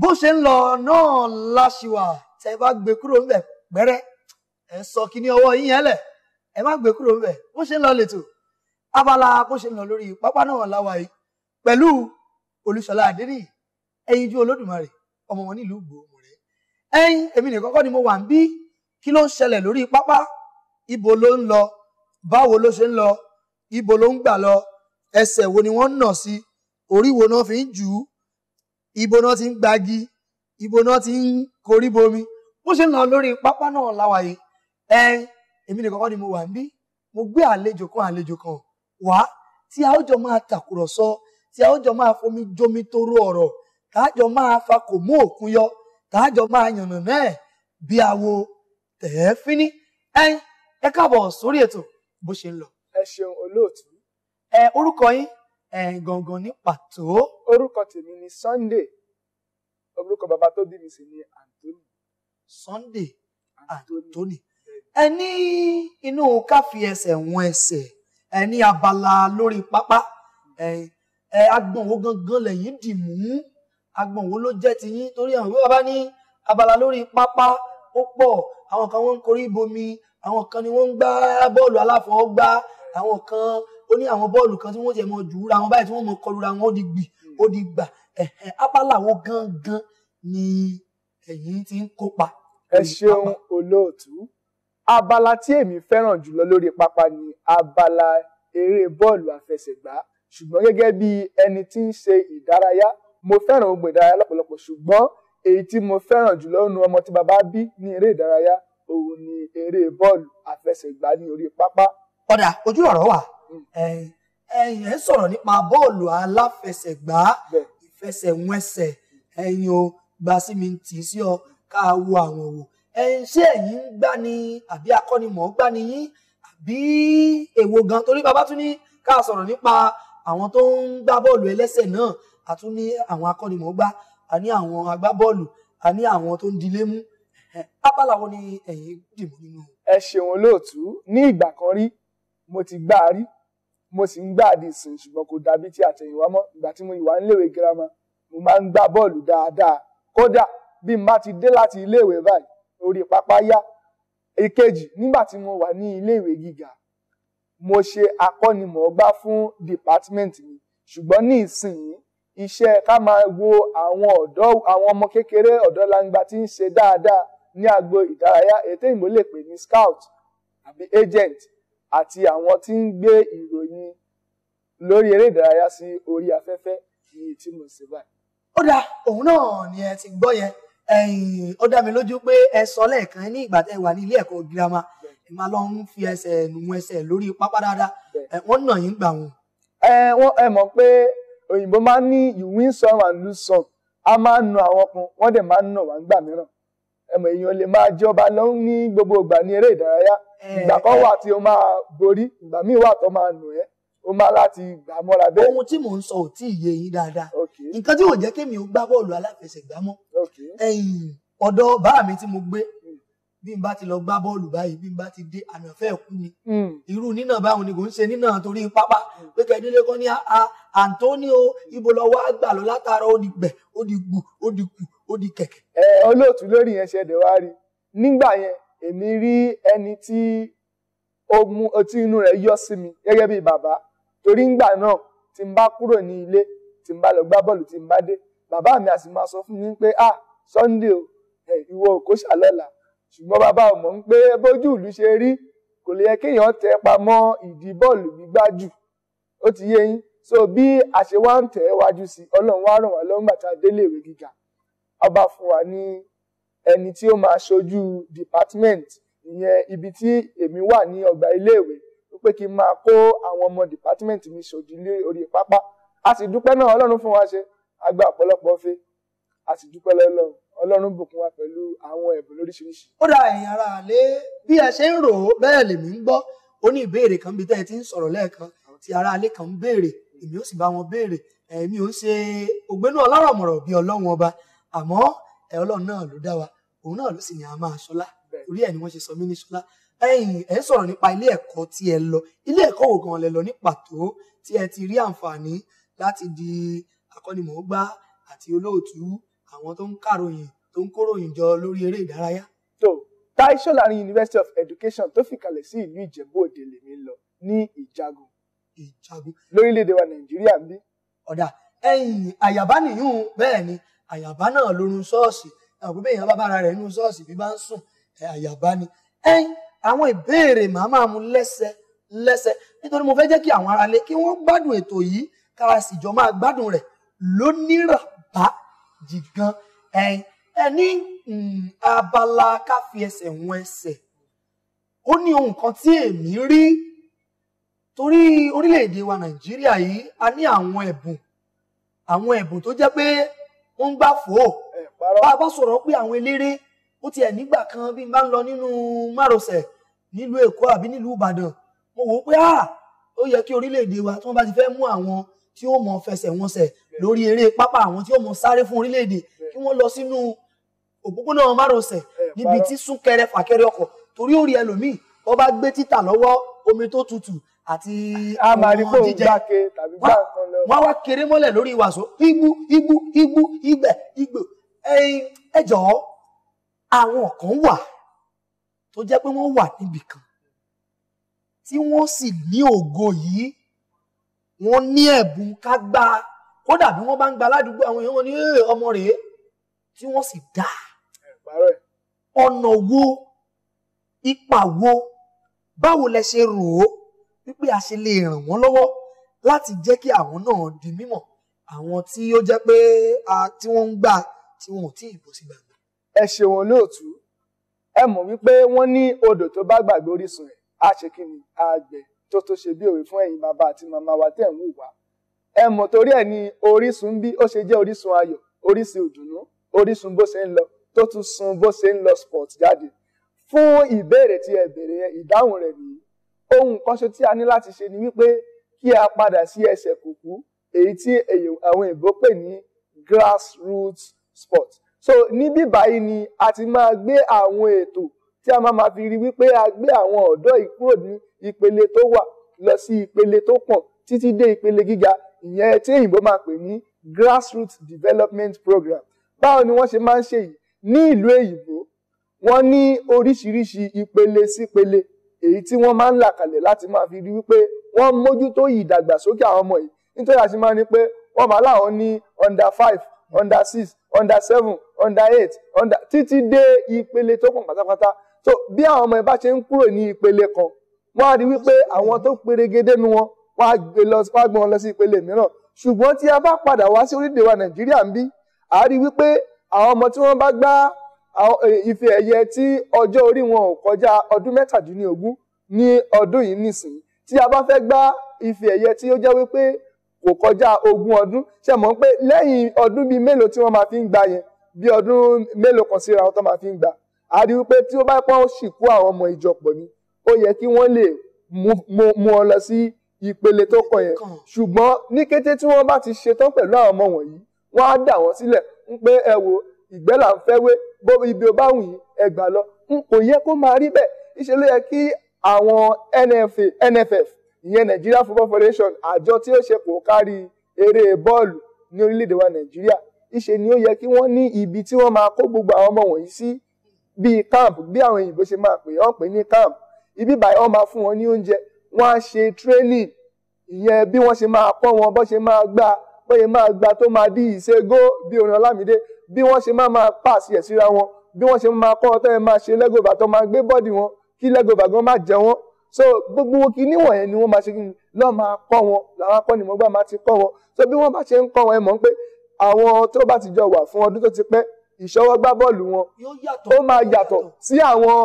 bó ṣe ń lọ náà láṣìwà tẹ bá gbé kúrò ńbẹ̀ pẹ́rẹ́ ẹ sọ kíní ọwọ́ yín yẹn ẹ má gbé kúrò ńbẹ̀ bó ṣe ń lọ lẹ́tọ̀ abala bó ṣe ń lọ lórí pápá náà láwa yìí pẹ̀lú Olúṣọlá Adéníyì ẹyinjú Olódùmarè ọmọ wọn nílùú Ìgbòho ẹyin èmi nìkan kọ́ ni mo wà ń bí kí ló ń ṣẹlẹ̀ lórí pápá ibo ló ń lọ báwo ló ṣe ń lọ ibo ló ń gbà lọ ẹsẹ̀ wo ni wọ́n ń nà sí orí wo náà fi ń jù ú ibo náà ti ń gbagi ibo náà ti ń korí bomi bó ṣe ń lọ lórí pápá náà láwàyè ẹ èmi nìkan kọ́ ni mo wà ń bí mo gbé àlejò kan àlejò kan wá tí a ó jọ máa tàkùrọ̀sọ tí a ó jọ máa fomi jomi toro ọ̀rọ̀ tá a jọ máa fa kò òkun yọ tá a jọ máa yànnà náà bí awo tẹ̀ẹ́ fíní ẹ ẹ káàbọ̀ sórí ètò bó ṣe ń lọ. ẹ ṣeun olóòtú. ẹ orúkọ yín ẹ̀ gangan ní pàtó. orúkọ tèmi ni Sunday orúkọ bàbá tó bí mi sì ni Anthony. Sunday Anthony ẹ ní inú ká fi ẹsẹ̀ wọn ẹsẹ̀ ẹ abala lórí pápá ẹ agbọ̀n wo gangan lẹ́yìn dì mú agbọ̀n wo ló jẹ́ ti yín torí àwọn ìwé bàbá ní abala lórí pápá ó pọ̀ àwọn kan wọ́n ń korí bomi àwọn kan ni wọ́n ń gbá bọ́ọ̀lù aláfọwọ́gbá àwọn kan ó ní àwọn bọ́ọ̀lù kan tí wọ́n jẹ́ mọ́ jù ra wọn báyìí tí wọ́n mọ́ kọlu wọn ó di gbì ó di gbà abala wo gangan ni ẹ̀yin ti ń kópa. ẹ ṣeun olóòtú abala tí èmi fẹ́ràn jùlọ lórí pápá ni abala eré bọ́ọ̀lù àfẹsẹ̀gbá ṣùgbọ́n gẹ́gẹ́ bí ẹni tí ń ṣe ìdárayá mo fẹ́ràn ogun ìdárayá lọ́pọ̀lọpọ̀ ṣùgbọ́n èyí tí mo fẹ́ràn jùlọ nu ọmọ tí bàbá bí ní eré ìdárayá òun ni eré bọ́ọ̀lù àfẹsẹ̀gbá ní orí pápá. ọ̀dà ojú ọ̀rọ̀ wà ẹ̀yin ẹ̀ sọ̀rọ̀ nípa bọ́ọ̀lù aláfẹsẹ̀gbá ìfẹsẹ̀wọnsẹ̀ ẹ̀yin o gba sí mi tì í sí ọ ká wo àwọn wò ẹ̀yin ṣé ẹ̀yin ń gbá ni àbí akọ́nimọ̀ ń gbá yín àbí èwo gan torí bàbá tún ní ká sọ̀rọ̀ nípa àwọn tó ń gbá bọ́ọ̀lù ẹlẹ́sẹ̀ náà a ní àwọn akọ́nimọ̀ gbá a ní àwọn agbábọ́ọ̀lù a ní àwọn tó ń dilé mú abala wo ni ẹ̀yin dìbò nínú. ẹ ṣeun olóòtú ní ìgbà kan rí mo ti gbá a rí mo sì ń gbá àdìsìn ṣùgbọ́n kò dàbí ti àtẹ̀yìnwá mọ́ ìgbà tí mo ìwà níléèwé girama mo máa ń gbá bọ́ọ̀lù dáadáa kódà bí n bá ti dé láti iléèwé báyìí orí pápá yá èkejì nígbà tí mo wà ní iléèwé gíga mo ṣe akọ́nimọ̀ọ́gbá fún department mi ṣùgbọ́n ní ìsinyìí iṣẹ́ ká máa wo àwọn ọ̀dọ́ àwọn ọmọ kékeré ọ̀dọ́ langba tí ń ṣe dáadáa ní agbo ìdárayá ètò ìmọ̀lẹ́pẹ̀ scout àbí agent àti àwọn tí ń gbé ìròyìn lórí eré ìdárayá sí orí afẹ́fẹ́ ní tí mo ṣe báyìí. ó dáa òun náà ni ẹ ti gbọ́ yẹn ó dá mi lójú pé ẹ sọ lẹ́ẹ̀kan ní ìgbà tẹ́ wà ní ilé ẹ̀kọ́ girama ẹ máa lọ ń fi ẹsẹ̀ nù ẹsẹ̀ lórí pápá dáadáa wọ́n nà yín gbà wọn. ẹ wọn ẹ mọ̀ pé òyìnbó máa ń ní you win some and lose some a máa ń nu àwọn kan wọ́n dẹ̀ máa ń nà wá ń gbà mìíràn ẹ mọ̀ èèyàn lè máa jọba lọ ní gbogbo ìgbà ní eré ìdárayá ìgbà kan eh, wà eh. tí o máa borí ìgbà míì wà tó máa nù ẹ́ o máa láti gbà mọ́ra bẹ́ẹ̀. ohun tí mò ń sọ ò tí ì yé yín dáadáa nǹkan tí ò jẹ́ kémi ó gbá bọ́ọ̀lù aláfẹsẹ̀gbá mọ́ ọ̀dọ̀ bàbá mi tí mo gbé hmm. bí n bá ti lọ gbá bọ́ọ̀lù báyìí bí n bá ti dé àmì ọ̀fẹ́ ẹ̀kú ni hmm. irú nínà báwọn ni kò ń ṣe nínà torí pápá pé kẹ́dílé kan ní a Antonio ibo lọ wá gbà lọ látara ó di gbẹ ó di gbù ó di kù ó di kẹ̀kẹ́. ẹ eh, olóòtú lórí yẹn ṣẹ̀dẹ̀ wá rí nígbà yẹn èmi rí ẹni tí ó mú ọtí inú rẹ̀ yọ sí mi gẹ́gẹ́ bí bàbá torí ńgbà náà tí n bá kúrò ní ilé tí n bá lọ gbá bọ́ọ̀lù tí n bá dé bàbá mi á máa sọ fún mi pé ah Sunday o ìwọ kò ṣàlọ́là ṣùgbọ́n bàbá ò mọ̀ ń pé bójú ìlú ṣe rí kò lè yẹ kéèyàn tẹ pamọ́ ìdí bọ́ọ̀lù gbígbá jù ó ti yé yín so bí a ṣe wá ń tẹ̀ wájú sí ọlọ́run wá ràn wá lọ́ngbà tá délé ìwé gíga ọba fún wa ní ẹni tí ó máa ṣojú department ìyẹn ibi tí èmi wà ní ọgbà iléèwé wípé kí n máa kó àwọn ọmọ department mi ṣòdì lé orí pápá a sì dúpẹ́ náà ọlọ́run fún wa ṣe a gba ọ̀pọ̀lọpọ̀ fẹ́ a sì dúpẹ́ lọ́lọ́run ọlọ́run bùkún wa pẹ̀lú àwọn ẹ̀bùn lóríṣiríṣi. ó dá ẹ̀yin ará lé bí ẹ ṣe ń rò ó bẹ́ẹ̀ lèmi ń gbọ́ ó ní ìbéèrè kan bí tẹ́ ẹ ti ń sọ̀rọ̀ lẹ́ẹ̀kan tí ará ilé kan ń béèrè èmi ó sì bá wọn béèrè èmi ò ń ṣe ògbénú ọlọ́rọ̀ bí ọlọ́run ọba àmọ́ ẹ ọlọ́run náà ló dá wa òun náà ló sì ní a máa ṣọlá orí ẹ̀ ni wọ́n ṣe sọ mí ní ṣọlá ẹ̀yin ẹ ń sọ̀rọ̀ nípa ilé ẹ̀kọ́ tí ẹ lọ ilé ẹ̀kọ́ wo gan lẹ lọ ní pàtó tí ẹ ti rí àǹfààní láti di akọ́nimọ̀ọ́gbá àti olóòtú àwọn tó ń kàròyìn tó ń kóròyìn jọ lórí eré ìdárayá. tó Tai Solarin University of Education tó fìkàlẹ̀ sí ìlú Ìjẹ̀bú Òde lèmi lọ ní Ìjagun. Ìjagun. lórílẹ̀‐èdè wa Nàìjíríà ń bí. ọ̀dà ẹ̀yin àyàbá nìyún bẹ́ẹ̀ ni àyàbá náà lórun ṣọ́ọ̀ṣì àgbẹ̀ bẹ́ẹ̀ yẹn bá bára rẹ̀ nínú ṣọ́ọ̀ṣì bí bá ń sùn àyàbá ni ẹ̀yin àwọn ìbéèrè màá máa mú lẹ́sẹ̀ lẹ́sẹ̀ nítorí mo fẹ́ jẹ́ kí àwọn aráalé kí wọ́n gbádùn ètò yìí kára sì jọ máa gbádùn rẹ̀ lóníràbá jìgan ẹ̀yin ẹ mm, abala ká fi ẹsẹ̀ wọn ẹsẹ̀ ó ní ohun kan tí èmi rí torí orílẹ̀-èdè wa nàìjíríà yìí a ní àwọn ẹ̀bùn àwọn ẹ̀bùn tó jẹ́ pé wọ́n ń gbà fò ó bá a bá sọ̀rọ̀ pé àwọn eléré ó tiẹ̀ nígbà kan bí n bá ń lọ nínú márosẹ̀ nílùú èkó àbí nílùú ìbàdàn mo wò ó pé ah ó yẹ kí orílẹ̀-èdè wa tí wọ́n bá ti fẹ́ mú àwọn tí ó mọ fẹsẹ̀ wọn sẹ̀ lórí eré pápá àwọn tí ó mọ sáré fún orílẹ̀-èdè kí wọ́n lọ sínú òpópónà márosẹ̀ níbi tí súnkẹrẹ fàkẹrẹ ọkọ̀ torí ó rí ẹlòmíì wọ́n bá gbé títà lọ́wọ́ omi tó tutù àti ọmọ jíjẹ wọ́n wá kéré mọ́lẹ̀ lórí wàsó igbú igbú igbú igbẹ̀ igbò ẹ jọ̀ọ́ àwọn kan wà tó jẹ́ pé wọ́n wà níbì kan tí wọ́n sì ní ògo yìí wọ́n ní ẹ̀bùn ká gbá kódà bí wọ́n bá ń gba aládùúgbò àwọn èèyàn wọn ní ọmọ rèé tí wọ́n sì dá ọ̀nà wo ipa wo báwo lẹ ṣe rò ó wípé a ṣe lè ràn wọ́n lọ́wọ́ láti jẹ́ kí àwọn náà di mímọ̀ àwọn tí ó jẹ́ pé tí wọ́n ń gbà tí wọn ò tí ì bọ́ sí gbàgbà. ẹ ṣe wọn lóòtú ẹ mọ̀ wípé wọ́n ní odò tó bá gbàgbé orísun rẹ̀ á ṣe kí ni àgbẹ̀ tó tó ṣe bí òwe fún ẹ̀yin bàbá àti màmá wa tẹ̀ ń wù wá ẹ mọ̀ torí ẹ̀ ni orísun bí ó ṣe jẹ́ orísun ayọ̀ orísun ìdùnnú orísun bó ṣe ń lọ tó tún sun bó ṣe ń lọ sport jáde fún ìbéèrè tí ẹ béèrè ìdáhùn rẹ̀ nìyí ohun kan ṣe tí a ní láti ṣe ni wípé kí a padà sí ẹsẹ̀ kùkú èyí tí àwọn èèbó pè ní grassroots sport so níbí báyìí ni a ti máa gbé àwọn ètò tí a máa ma fi rí wípé a gbé àwọn ọ̀dọ́ yìí kúrò ní ìpele tó wà lọ sí ìpele tó pọ̀n títí dé ìpele gíga ìyẹn tí òyìnbó máa pè ní grassroots development program báwo ni wọ́n ṣe máa ń ṣe yìí ní ìlú èyìnbó wọ́n ní oríṣiríṣi ìpele sípele si èyí tí wọ́n máa ń là kalẹ̀ láti máa fi rí wípé wọ́n mójútó ìdàgbàsókè àwọn ọmọ yìí nítorí àti máa ní pé wọ́n máa láwọn ní under five under six under seven under eight under títí dé ìpele tó kàn pátápátá so bí àwọn ọmọ yẹn bá ṣe ń kúrò ní ìpele kan wọ́n á rí wípé àwọn tó perégedé nu wọn wọ́n á gbé lọ wọ́n á gbé wọn lọ sí ìpele mìíràn ṣùgbọ́n tí a bá padà wá sí orílẹ̀-èdè wa Nàìjíríà ń bí a rí wípé àwọn ọmọ tí wọ́n bá gbá Eh, ife ẹ̀yẹ tí ọjọ́ orí wọn ò kọjá ọdún mẹ́tàdínlógún ní ọdún yìí nìsín tí a bá fẹ́ gbá ife ẹ̀yẹ tí ó jẹ́ wípé kò kọjá ogún ọdún ṣe mọ̀ pé lẹ́yìn ọdún bíi mélòó tí wọ́n máa fi ń gba yẹn bí ọdún mélòó kan síra wọn tó máa fi ń gba a rí wípé tí ó bá pọ́n ṣìkú àwọn ọmọ ìjọpọ̀ ni ó yẹ kí wọ́n lè mú ọ lọ sí ìpele tó kàn yẹn ṣùgbọ́n ní kété tí wọ́n bá ti ṣetán pẹ̀lú àwọn ọmọ wọ̀nyí wọ́n á dà wọ́n sílẹ̀ ń pé ẹ wo ìgbẹ́ là ń fẹ́wé bó ibi ò bá wù yín ẹ gbà lọ kò yẹ kó máa rí bẹ́ẹ̀ ìṣe ló yẹ kí àwọn NFF ìyẹn Nigeria Football Federation àjọ tí ó ṣe kò kárí eré bọ́ọ̀lù ní orílẹ̀-èdè wa Nàìjíríà ìṣe ni ó yẹ kí wọ́n ní ibi tí wọ́n máa kó gbogbo àwọn ọmọ wọ̀nyí sí bíi camp bí àwọn òyìnbó ṣe máa pè wọ́n pè ní camp ibi báyìí wọ́n máa fún wọn ní oúnjẹ wọ́n á ṣe training ìyẹn bí wọ́n ṣe máa kọ́ wọn bọ́ ṣe máa gbá bọ́ ṣe máa gbá tó máa di ìṣègó bí orin Ọlámídé bí wọ́n ṣe máa máa pàṣẹ ẹ̀ síra wọn bí wọ́n ṣe máa kọ́ ọtọ́ ẹ̀ máa ṣe lẹ́gọ̀ọ́bà tó máa gbé bọ́ọ̀dì wọn kí lẹ́gọ̀ọ́bà gan máa jẹ wọn so gbogbo kìíní wọ̀nyẹn ni wọ́n máa ṣe kí lọ́ọ́ máa kọ́ wọn làwọn akọ́nìmọ̀gbà máa ti kọ́ wọn so bí wọ́n bá ṣe ń kọ́ wọn ẹ mọ̀ pé àwọn tó bá ti jọ wà fún ọdún tó ti pẹ́ ìṣọwọ́ gbá bọ́ọ̀lù wọn ó máa yàtọ̀ sí àwọn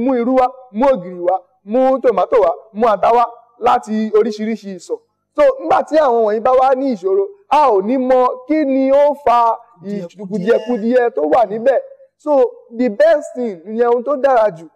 mú irú wá mú ògìrì wá mú tòmátò wá mú ata wá láti oríṣiríṣi ìsọ̀ so nígbà tí àwọn wọ̀nyí bá wá ní ìṣòro a ò ní mọ kí ni ó fa kùdìẹ̀kùdìẹ̀ mm, tó wà níbẹ̀ so the best thing ìyẹn ohun tó dára jù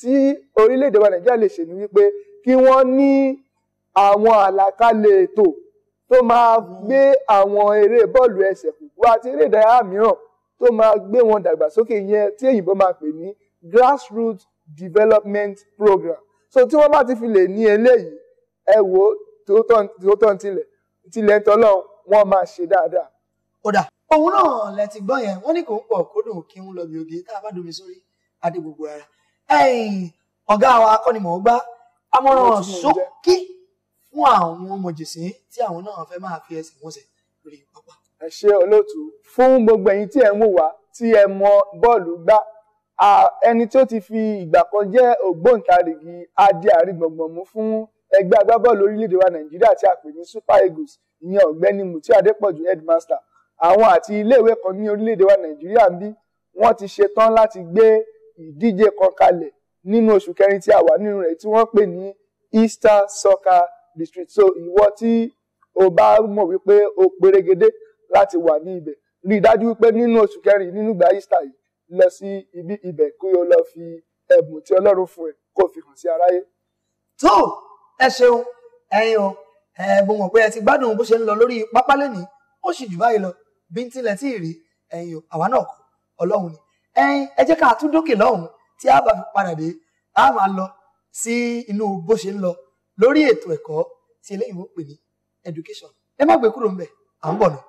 tí orílẹ̀-èdè wa nàìjíríà lè ṣe ni wípé kí wọ́n ní àwọn àlàkalẹ̀ ètò tó máa mm. gbé àwọn eré bọ́ọ̀lù ẹsẹ̀ kùkú àti eré ìdárayá mìíràn tó máa gbé wọn dàgbàsókè yẹn tí èyìnbó máa pè ní grassroots development program so tí wọ́n bá ti fi lè ní eléyìí ẹ wò ó tó tán tilẹ̀ tilẹ̀ tọ́lọ́ wọn máa ṣe dáadáa. ó dà òun náà lẹ ti gbọ́ yẹn wọ́n ní kò ń pọ̀ kódùn kí ń lọ oge tá a bá domi sórí adé gbogbo ara ọ̀gá wa akọ́nimọ̀ọ́gbá amọ̀ràn ṣókí fún àwọn mọ̀jẹ̀sìn tí àwọn náà fẹ́ máa fi ẹsẹ̀ wọ́n sẹ̀ lórí pápá. ẹ ṣe olóòtú fún gbogbo ẹ̀yin tí ẹ ń wò wá tí ẹ mọ bọ́ọ̀lù gbá ẹni tó ti fi ìgbà kan jẹ́ ògbóǹtarìgì adé àrígbọ̀ngbọ̀n mú fún ẹgbẹ́ agbábọ́ọ̀lù orílẹ̀-èdè wa nàìjíríà tí a pè ní super eagles ìyẹn ọ̀gbẹ́ni mutí adépọ̀jù headmaster àwọn àti iléèwé kan ní orílẹ̀-èdè wa nàìjíríà ń bí wọ́n ti ṣetán láti gbé ìdíje kan kalẹ̀ nínú oṣù kẹrin tí a wà nínú rẹ̀ tí wọ́n pè ní Easter Soccer District so ìwọ tí o bá mọ̀ wípé o pérégedé láti wà ní ibẹ̀ rí i dájú wípé nínú oṣù kẹrin nínú ìgbà Easter yìí lọ sí ibi ibẹ̀ kí o lọ fi ẹ̀bùn tí Ọlọ́run fún ẹ kó fi hàn sí aráyé. tó ẹ ṣeun ẹyin o ẹ bó mọ̀ pé ẹ ti gbádùn bó ṣe ń lọ lórí pápá lẹ́nìí ó sì jù báyìí lọ bíntín lẹ́tí ìrí ẹ̀yìn àwa náà kọ́ ọlọ́run ni ẹ̀yìn ẹ jẹ́ ká tún dókè lọ́hùn tí a bá fi padà dé a máa lọ sí inú bó ṣe ń lọ lórí ètò ẹ̀kọ́ tí eléyìí wọ́n pè ní education ẹ má gbé kúrò ń bẹ̀ à ń bọ̀ náà.